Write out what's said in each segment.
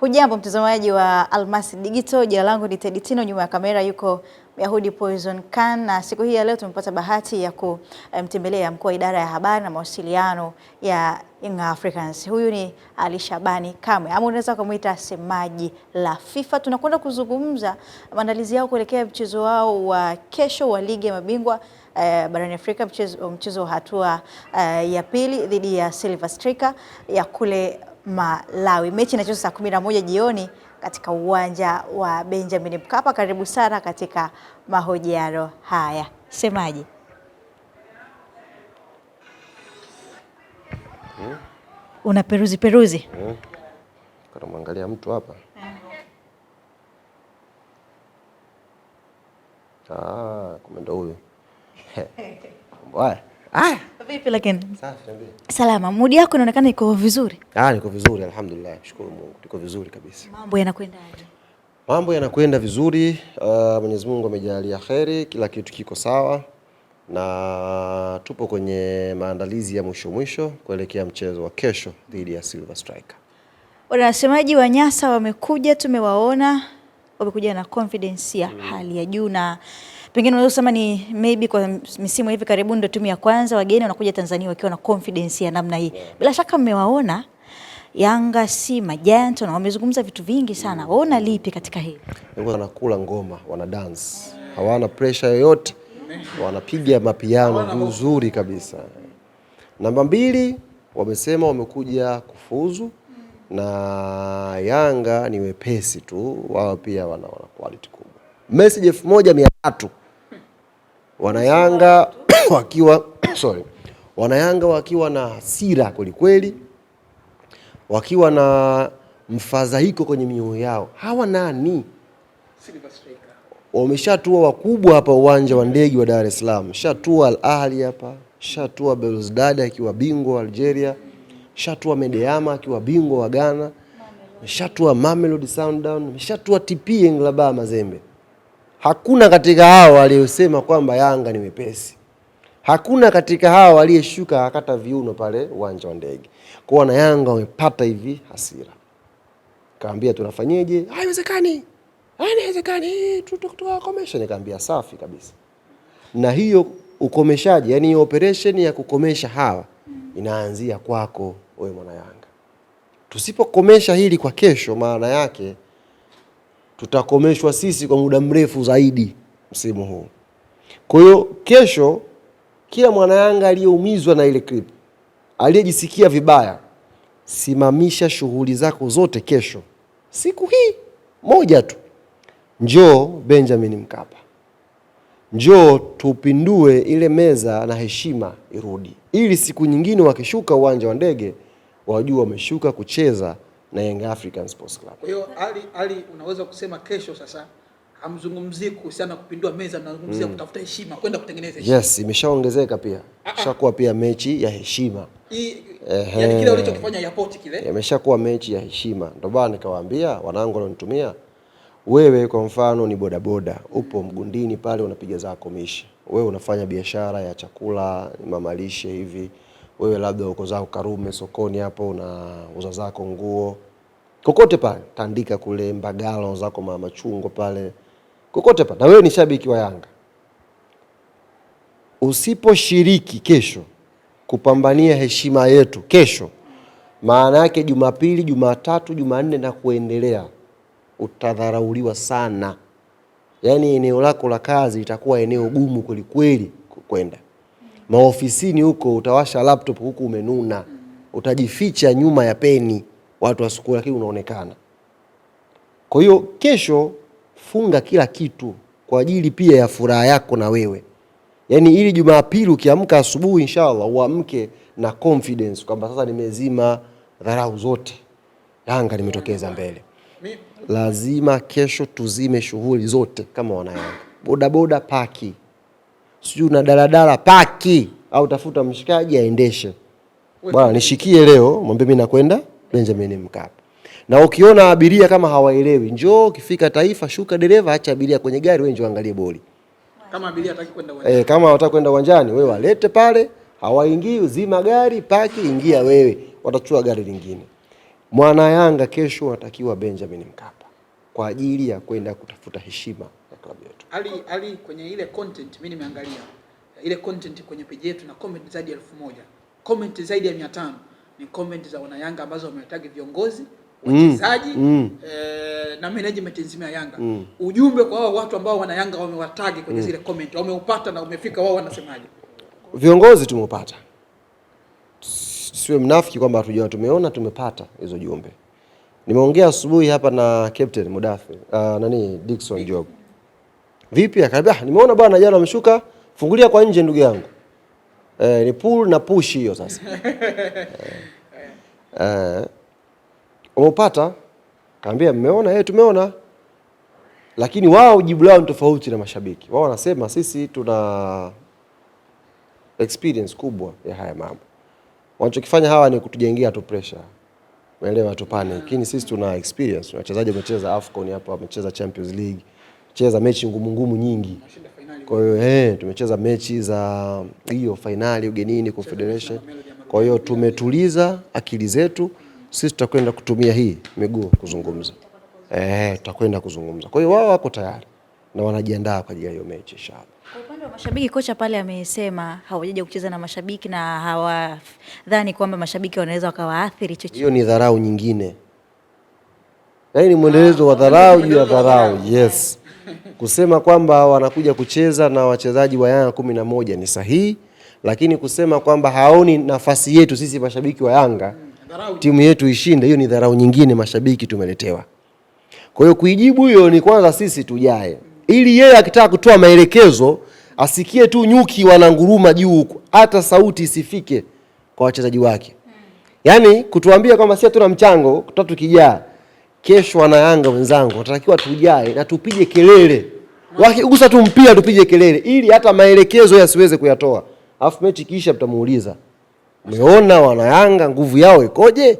Hujambo mtazamaji wa Almasi Digital, jina langu ni Teddy Tino, nyuma ya kamera yuko Yahudi Poison Khan, na siku hii ya leo tumepata bahati ya kumtembelea mkuu wa idara ya habari na mawasiliano ya Young Africans. Huyu ni Ali Shabani Kamwe, ama unaweza kumuita semaji la FIFA. Tunakwenda kuzungumza maandalizi yao kuelekea mchezo wao wa kesho wa ligi ya mabingwa eh, barani Afrika, mchezo wa hatua eh, ya pili dhidi ya Silver Striker ya kule Malawi. Mechi inachezwa saa kumi na moja jioni katika uwanja wa Benjamin Mkapa. Karibu sana katika mahojiano haya, semaje? hmm. una peruzi peruzi hmm. mwangalia mtu hapa eh. ah, kumbe ndo huyu. Vipi lakini? Safi Salama. Mudi yako inaonekana iko vizuri. Ah, niko vizuri alhamdulillah. Shukuru Mungu. Niko vizuri kabisa. Mambo yanakwendaje? Mambo yanakwenda vizuri. Uh, Mwenyezi Mungu amejalia kheri, kila kitu kiko sawa na tupo kwenye maandalizi ya mwisho mwisho kuelekea mchezo wa kesho dhidi ya Silver Striker. Wanasemaji wa Nyasa wamekuja, tumewaona wamekuja na confidence ya mm. hali ya juu na pengine unaweza kusema ni maybe kwa misimu hivi karibu ndio timu ya kwanza wageni wanakuja Tanzania wakiwa na confidence ya namna hii. Bila shaka mmewaona Yanga si majento na wamezungumza vitu vingi sana. Mm. Waona lipi katika hili? Wanakula ngoma, wana dance, hawana pressure yoyote, wanapiga mapiano vizuri kabisa. Namba mbili, wamesema wamekuja kufuzu na Yanga ni wepesi tu, wao pia wana quality kubwa. Message elfu moja mia tatu Wanayanga wakiwa sorry, Wanayanga wakiwa na hasira kwelikweli, wakiwa na mfadhaiko kwenye mioyo yao. Hawa nani? Wameshatua wakubwa hapa uwanja wa ndege wa Dar es Salaam, shatua Al Ahli hapa, shatua Belouizdad akiwa bingwa wa Algeria, shatua Medeama akiwa bingwa wa Ghana, shatua Mamelodi Sundowns, shatua TP Englaba Mazembe. Hakuna katika hao waliosema kwamba Yanga ni mepesi Hakuna katika hao waliyeshuka akata viuno pale uwanja wa ndege. Kwa na Yanga wamepata hivi hasira. Kaambia tunafanyeje? Haiwezekani. Haiwezekani. Eh, Tutakomesha. Nikaambia safi kabisa. Na hiyo ukomeshaji, yani operation ya kukomesha hawa inaanzia kwako wewe mwana Yanga. Tusipokomesha hili kwa kesho, maana yake tutakomeshwa sisi kwa muda mrefu zaidi msimu huu. Kwa hiyo kesho, kila mwanayanga aliyeumizwa na ile clip, aliyejisikia vibaya, simamisha shughuli zako zote kesho, siku hii moja tu, njoo Benjamin Mkapa, njoo tupindue ile meza na heshima irudi, ili siku nyingine wakishuka uwanja wa ndege wajua wameshuka kucheza na Young African Sports Club. Kwa hiyo Ali, Ali unaweza kusema kesho sasa hamzungumzii kuhusiana na kupindua meza, mnazungumzia mm. kutafuta heshima, kwenda kutengeneza heshima. Yes, imeshaongezeka pia. Ah, ah. shakuwa pia mechi ya heshima. I, yani kile ulichokifanya ya poti kile. Imeshakuwa mechi ya heshima. Ndio bana, nikawaambia wanangu walionitumia wewe kwa mfano ni bodaboda, upo mgundini pale unapiga zako mishi, wewe unafanya biashara ya chakula, mamalishe hivi, wewe labda uko zako Karume sokoni hapo unauza zako nguo, kokote pale, tandika kule Mbagala zako mama chungo pale, kokote pale, na wewe ni shabiki wa Yanga, usiposhiriki kesho kupambania heshima yetu kesho, maana yake Jumapili, Jumatatu, Jumanne na kuendelea, utadharauliwa sana. Yaani eneo lako la kazi litakuwa eneo gumu kwelikweli kwenda maofisini huko, utawasha laptop huku umenuna, utajificha nyuma ya peni watu wasukule, lakini unaonekana. Kwa hiyo kesho funga kila kitu kwa ajili pia ya furaha yako na wewe, yaani ili Jumapili ukiamka asubuhi, inshallah uamke na confidence kwamba sasa nimezima dharau zote, Yanga limetokeza mbele. Lazima kesho tuzime shughuli zote kama Wanayanga, bodaboda paki, sijui na daladala paki, au tafuta mshikaji aendeshe bwana, nishikie leo, mwambie mimi nakwenda Benjamin Mkapa. Na ukiona abiria kama hawaelewi, njoo ukifika Taifa, shuka dereva, acha abiria kwenye gari, wewe njoo angalie boli. Kama abiria hataki kwenda eh, uwanjani, eh, kama hataki kwenda uwanjani, wewe walete pale, hawaingii uzima gari, paki, ingia wewe, watachua gari lingine. Mwana Yanga kesho anatakiwa Benjamin Mkapa kwa ajili ya kwenda kutafuta heshima ya klabu yetu. Ali, ali kwenye ile content mimi nimeangalia ile content kwenye page yetu na comment zaidi ya elfu moja comment zaidi ya mia tano ni comment za wanayanga ambazo wametagi viongozi mm. wachezaji mm. mm. eh, na management nzima ya Yanga mm. ujumbe kwa hao watu ambao wanayanga wamewatagi kwenye mm. zile comment wameupata na umefika, wao wanasemaje? Viongozi tumeupata, siwe mnafiki kwamba hatujua tumeona, tumepata hizo jumbe. Nimeongea asubuhi hapa na Captain Mudafi uh, ah, nani Dickson Job, vipi? Akaniambia ah, nimeona bwana, jana ameshuka fungulia kwa nje ndugu yangu Eh, ni pull na push hiyo sasa. Eh, umepata? Kaambia mmeona? Eh, tumeona. Lakini wao jibu lao ni tofauti na mashabiki. Wao wanasema sisi tuna experience kubwa ya haya mambo. Wanachokifanya hawa ni kutujengea tu pressure. Umeelewa tu panic. Ah. Lakini sisi tuna experience. Wachezaji wamecheza AFCON hapa, wamecheza Champions League, cheza mechi ngumu ngumu nyingi. Kwa hiyo eh, tumecheza mechi za hiyo fainali ugenini Confederation. Kwa hiyo tumetuliza akili zetu, sisi tutakwenda kutumia hii miguu kuzungumza, eh, tutakwenda kuzungumza. Kwa hiyo wao wako tayari na wanajiandaa kwa ajili ya hiyo mechi inshallah. Kwa upande wa mashabiki, kocha pale amesema hawajaja kucheza na mashabiki na hawadhani kwamba mashabiki wanaweza wakawaathiri chochote. Hiyo ni dharau nyingine, yaani ni mwendelezo wa ah, dharau juu ya dharau. Yes. Kusema kwamba wanakuja kucheza na wachezaji wa Yanga kumi na moja ni sahihi, lakini kusema kwamba haoni nafasi yetu sisi mashabiki wa Yanga timu yetu ishinde, hiyo ni dharau nyingine mashabiki tumeletewa. Kwa hiyo kuijibu hiyo ni kwanza sisi tujae, ili yeye akitaka kutoa maelekezo asikie tu nyuki wananguruma juu hata sauti isifike kwa wachezaji wake, hmm. yaani kutuambia kwamba sisi hatuna mchango tutakijaa Kesho wana Yanga wenzangu watatakiwa tujae na tupige kelele, wakigusa tu mpira tupige kelele, ili hata maelekezo yasiweze kuyatoa. Alafu mechi kisha mtamuuliza, umeona wana Yanga nguvu yao ikoje?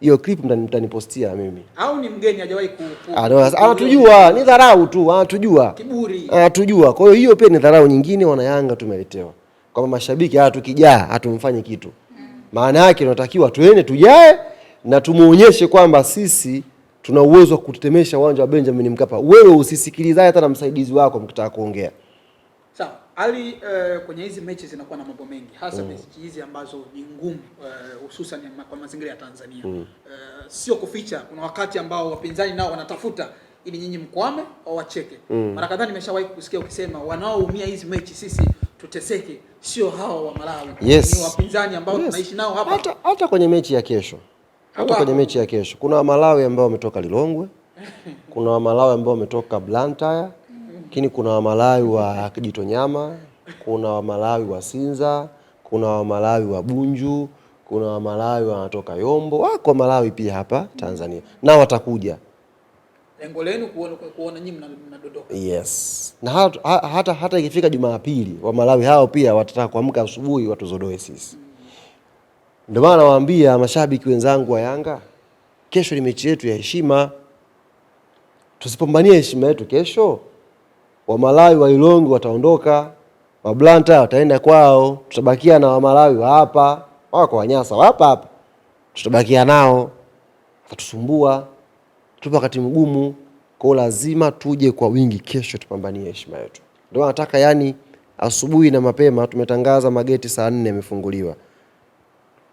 Hiyo clip mtanipostia mimi, au ni mgeni hajawahi ah, ku anatujua, ni dharau tu, anatujua kiburi, anatujua. Kwa hiyo hiyo pia ni dharau nyingine wana Yanga tumeletewa kwamba mashabiki hata tukijaa hatumfanyi kitu. Maana yake tunatakiwa tuende tujae na tumuonyeshe kwamba sisi tuna uwezo wa kutetemesha uwanja wa Benjamin Mkapa. Wewe usisikilizaye hata na msaidizi wako mkitaka kuongea. Sawa. Ali, uh, kwenye hizi mechi zinakuwa na mambo mengi hasa mm. mechi hizi ambazo ni ngumu eh, hususan uh, kwa mazingira ya Tanzania mm. uh, sio kuficha, kuna wakati ambao wapinzani nao wanatafuta ili nyinyi mkwame au wacheke mm. mara kadhaa nimeshawahi kusikia ukisema wanaoumia hizi mechi sisi tuteseke, sio hawa wa Malawi yes. ni wapinzani ambao yes. tunaishi nao hapa hata, hata kwenye mechi ya kesho hata kwenye mechi ya kesho. Kuna Wamalawi ambao wametoka Lilongwe, kuna Wamalawi ambao wametoka Blantyre, lakini kuna Wamalawi wa Kijitonyama, kuna Wamalawi wa Sinza, kuna Wamalawi wa Bunju, kuna Wamalawi wanatoka Yombo, wako Wamalawi pia hapa Tanzania na watakuja. Lengo lenu kuona, kuona nyinyi mnadondoka. Yes. Na hata, hata, hata ikifika Jumapili Wamalawi hao pia watataka kuamka asubuhi watuzodoe sisi. Ndio maana nawaambia mashabiki wenzangu wa Yanga, kesho ni mechi yetu ya heshima. Tusipambanie heshima yetu kesho, Wamalawi wa Ilongo wataondoka, Blanta wataenda kwao, tutabakia na Malawi wa hapa wako wanyasa hapa hapa, tutabakia nao, watatusumbua, tupo wakati mgumu. Kwa lazima tuje kwa wingi kesho, tupambanie heshima yetu. Ndio nataka yani, asubuhi na mapema tumetangaza mageti saa nne yamefunguliwa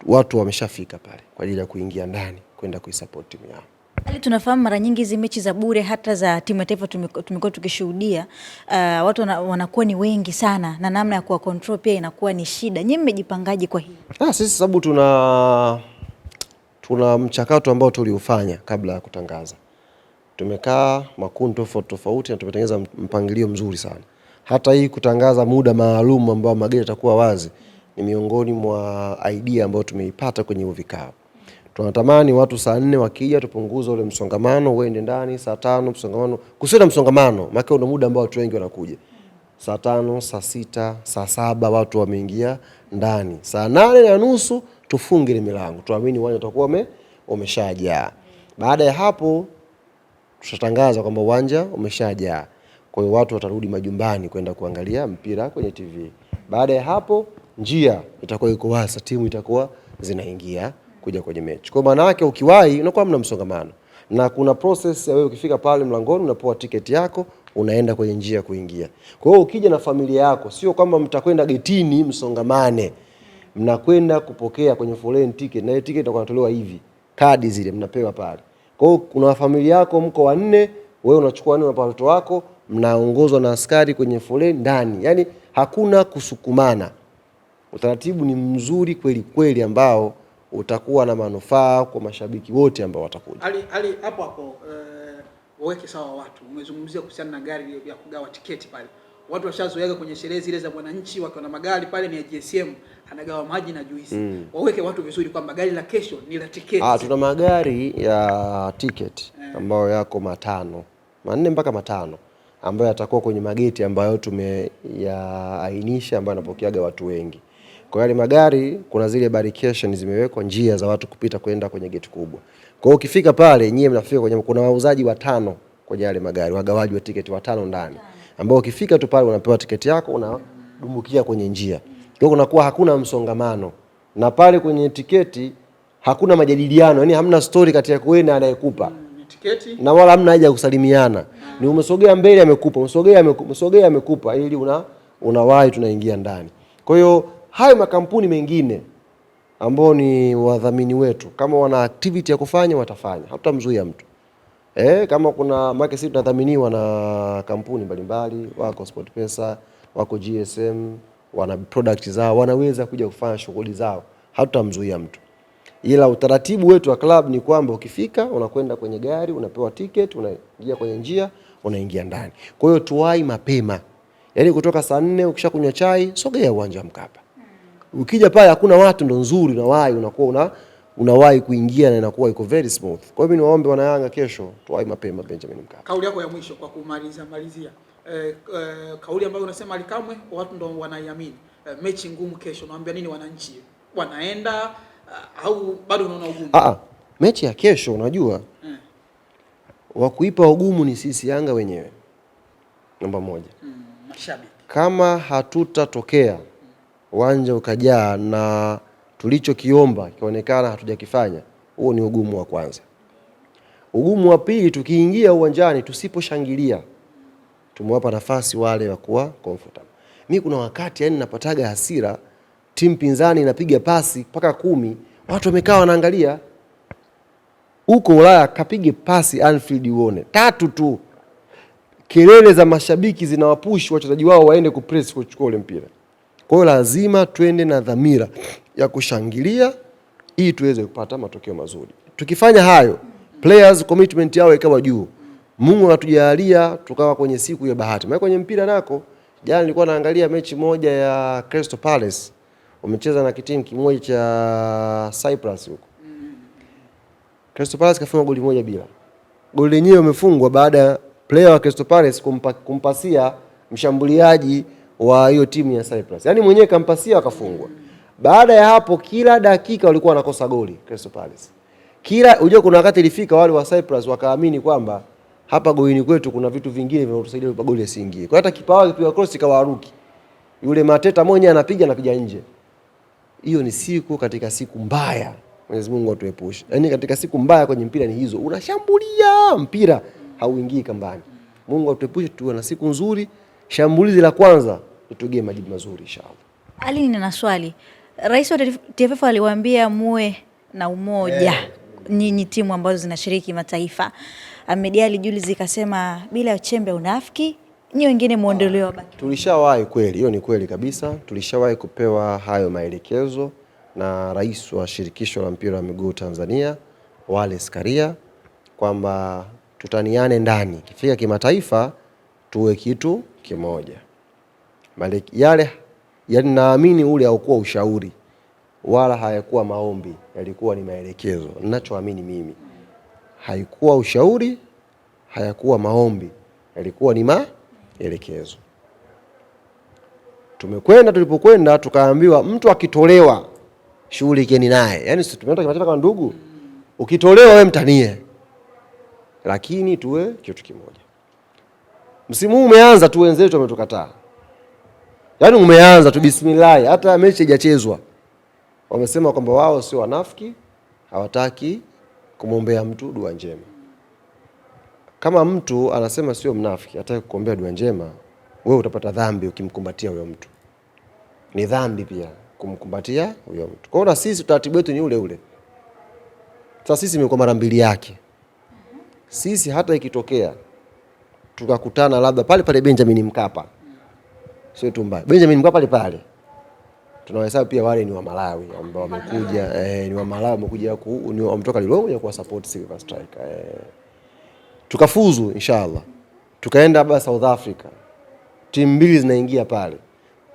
watu wameshafika pale kwa ajili ya kuingia ndani kwenda kuisupport timu yao. Hali tunafahamu mara nyingi hizi mechi za bure hata za timu ya taifa tumekuwa tukishuhudia, uh, watu wanakuwa ni wengi sana na namna ya kuwa control pia inakuwa ni shida. Nyinyi mmejipangaje kwa hii? Ah, sisi sababu tuna tuna mchakato ambao tuliufanya kabla ya kutangaza. Tumekaa makundi tofauti tofauti na tumetengeneza mpangilio mzuri sana, hata hii kutangaza muda maalum ambao magari yatakuwa wazi ni miongoni mwa idea ambayo tumeipata kwenye hivyo vikao. Tunatamani watu saa nne wakija tupunguze ule msongamano, uende ndani saa tano, msongamano kusiwe na msongamano, maana ndio muda ambao watu wengi wanakuja saa tano, saa sita, saa saba watu wameingia ndani. Saa nane na nusu tufunge ile milango, tuamini uwanja utakuwa umeshajaa. Baada ya hapo, tutatangaza kwamba uwanja umeshajaa, kwa hiyo watu watarudi majumbani kwenda kuangalia mpira kwenye TV. Baada ya hapo njia itakuwa iko wazi, timu itakuwa zinaingia kuja kwenye mechi. Kwa maana yake ukiwahi unakuwa mna msongamano na kuna process ya wewe ukifika pale mlangoni unapewa tiketi yako unaenda kwenye njia ya kuingia. Kwa hiyo ukija na familia yako, sio kwamba mtakwenda getini msongamane, mnakwenda kupokea kwenye foreign ticket, na ile ticket itakuwa inatolewa hivi, kadi zile mnapewa pale. Kwa hiyo kuna familia yako, mko wanne, wewe unachukua nne na watoto wako, mnaongozwa na askari kwenye foreign ndani, yaani hakuna kusukumana. Utaratibu ni mzuri kweli kweli ambao utakuwa na manufaa kwa mashabiki wote ambao watakuja. Ali, ali hapo hapo uh, eh, waweke sawa watu. Umezungumzia kuhusiana na gari ya kugawa tiketi pale. Watu washazoeaga kwenye sherehe zile za wananchi wakiwa na magari pale, ni ya GSM anagawa maji na juisi mm. Waweke watu vizuri kwamba gari la kesho ni la tiketi. Ah, tuna magari ya tiketi mm. Eh. ambayo yako matano manne mpaka matano ambayo yatakuwa kwenye mageti ambayo tumeyaainisha ambayo yanapokeaga watu wengi. Kwa yale magari kuna zile barrication zimewekwa njia za watu kupita kwenda kwenye geti kubwa. Kwa hiyo ukifika pale nyie mnafika kwenye kuna wauzaji watano kwenye yale magari, wagawaji wa tiketi watano ndani. Ambao ukifika tu pale unapewa tiketi yako unadumbukia kwenye njia. Kwa hiyo kunakuwa hakuna msongamano. Na pale kwenye tiketi hakuna majadiliano, yani hamna story kati yako wewe na anayekupa. Mm, tiketi na wala hamna haja ya kusalimiana. Ni umesogea mbele amekupa, umesogea amekupa, umesogea amekupa ili una unawahi tunaingia ndani. Kwa hiyo hayo makampuni mengine ambao ni wadhamini wetu, kama wana activity ya kufanya watafanya, hatutamzuia mtu eh. Kama kuna market, sisi tunadhaminiwa na kampuni mbalimbali, wako Sport Pesa, wako GSM, wana product zao, wanaweza kuja kufanya shughuli zao, hatutamzuia mtu, ila utaratibu wetu wa club ni kwamba ukifika unakwenda kwenye gari, unapewa ticket, unaingia kwenye njia, unaingia ndani. Kwa hiyo tuwai mapema, yaani kutoka saa nne ukishakunywa chai, sogea uwanja wa Mkapa Ukija pale hakuna watu, ndo nzuri unawahi, unakuwa una unawahi kuingia na inakuwa iko very smooth. Kwa hiyo mimi niwaombe wana Yanga kesho tuwahi mapema Benjamin Mkapa. Kauli yako ya mwisho kwa kumaliza malizia. E, e, kauli ambayo unasema alikamwe watu ndo wanaiamini. E, mechi ngumu kesho, naambia nini wananchi? Wanaenda au bado unaona ugumu? Ah, ah mechi ya kesho unajua hmm. Wa kuipa ugumu ni sisi Yanga wenyewe. Namba moja. Hmm, mashabiki. Kama hatutatokea uwanja ukajaa na tulichokiomba kionekana hatujakifanya, huo ni ugumu wa kwanza. Ugumu wa pili, tukiingia uwanjani tusiposhangilia, tumewapa nafasi wale wa kuwa comfortable. Mi kuna wakati yani napataga hasira, timu pinzani inapiga pasi mpaka kumi, watu wamekaa wanaangalia. Huko Ulaya kapige pasi Anfield uone tatu tu, kelele za mashabiki zinawapush wachezaji wao waende kupress kuchukua ule mpira. Kwa hiyo lazima twende na dhamira ya kushangilia ili tuweze kupata matokeo mazuri. Tukifanya hayo, players commitment yao ikawa juu, Mungu anatujalia tukawa kwenye siku ya bahati. Maana kwenye mpira nako, jana nilikuwa naangalia mechi moja ya Crystal Palace wamecheza na kitimu kimoja cha Cyprus huko. Crystal Palace kafunga goli moja bila. Goli lenyewe umefungwa baada ya player wa Crystal Palace kumpa, kumpasia mshambuliaji wa hiyo timu ya Cyprus. Yaani mwenyewe kampasia akafungwa. Baada ya hapo kila dakika walikuwa wanakosa goli Crystal Palace. Kila unajua kuna wakati ilifika wale wa Cyprus wakaamini kwamba hapa goini kwetu kuna vitu vingine vinatusaidia hapa goli asiingie. Kwa hata kipa wao kipiga cross kawaruki. Yule Mateta mwenye anapiga anapiga nje. Hiyo ni siku katika siku mbaya. Mwenyezi Mungu atuepushe. Yaani katika siku mbaya kwenye mpira ni hizo. Unashambulia mpira hauingii kambani. Mungu atuepushe tuwe na siku nzuri. Shambulizi la kwanza tutegee majibu mazuri inshallah. Ali, nina swali. Rais wa TFF aliwaambia muwe na umoja yeah. Nyinyi timu ambazo zinashiriki mataifa, Ahmed Julius zikasema bila chembe unafiki nyi wengine muondolewa baki. Tulishawahi kweli, hiyo ni kweli kabisa. Tulishawahi kupewa hayo maelekezo na rais wa shirikisho la mpira wa miguu Tanzania Wallace Karia kwamba tutaniane ndani, ikifika kimataifa tuwe kitu kimoja. Maliki, yale yani naamini ule haukuwa ushauri wala hayakuwa maombi, yalikuwa ni maelekezo. Ninachoamini mimi haikuwa ushauri, hayakuwa maombi, yalikuwa ni maelekezo. Tumekwenda, tulipokwenda tukaambiwa mtu akitolewa shughulikeni naye, yaani sisi tumeenda kimataifa kama ndugu, ukitolewa we mtanie, lakini tuwe kitu kimoja. Msimu huu umeanza tu, wenzetu wametukataa Yaani umeanza tu bismillah, hata mechi haijachezwa. Wamesema kwamba wao sio wanafiki, hawataki kumwombea mtu dua njema. Kama mtu anasema sio mnafiki, hataki kukuombea dua njema, wewe utapata dhambi ukimkumbatia huyo mtu. Ni dhambi pia kumkumbatia huyo mtu. Kwa hiyo na sisi utaratibu wetu ni ule ule. Sasa sisi imekuwa mara mbili yake. Sisi hata ikitokea tukakutana labda pale pale Benjamin Mkapa sio tu mbaya. Benjamin mkapa pale pale tunawahesabu pia wale ni wa Malawi ambao wamekuja eh, ni wa Malawi wamekuja ku ni wametoka Lilongwe kuwa support Silver Strikers eh. Tukafuzu inshallah, tukaenda baba South Africa, timu mbili zinaingia pale,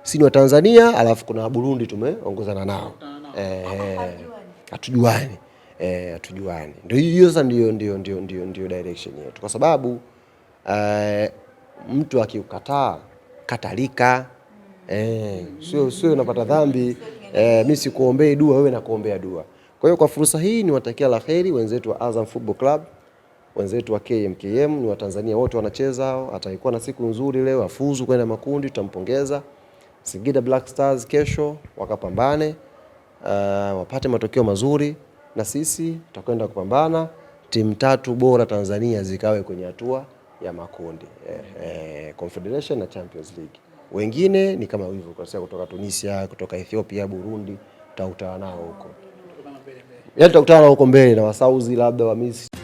Sisi ni wa Tanzania alafu kuna Burundi tumeongozana nao eh, hatujuani eh, hatujuani. Ndio hiyo sasa, ndio ndio ndio ndio ndio direction yetu, kwa sababu eh, mtu akiukataa katalika eh, sio sio unapata dhambi eh, mimi sikuombei dua wewe nakuombea dua. Kwa hiyo kwa fursa hii niwatakia la heri wenzetu wa Azam Football Club, wenzetu wa KMKM, ni Watanzania wote wanacheza, ataikuwa na siku nzuri leo, afuzu kwenda makundi, tutampongeza. Singida Black Stars kesho wakapambane, uh, wapate matokeo mazuri, na sisi tutakwenda kupambana timu tatu bora Tanzania zikawe kwenye hatua ya makundi eh, eh, Confederation na Champions League. Wengine ni kama hivyo kwa kutoka Tunisia, kutoka Ethiopia, Burundi, tutakutana nao huko, yaani tutakutana nao huko mbele na wasauzi labda wa Misri.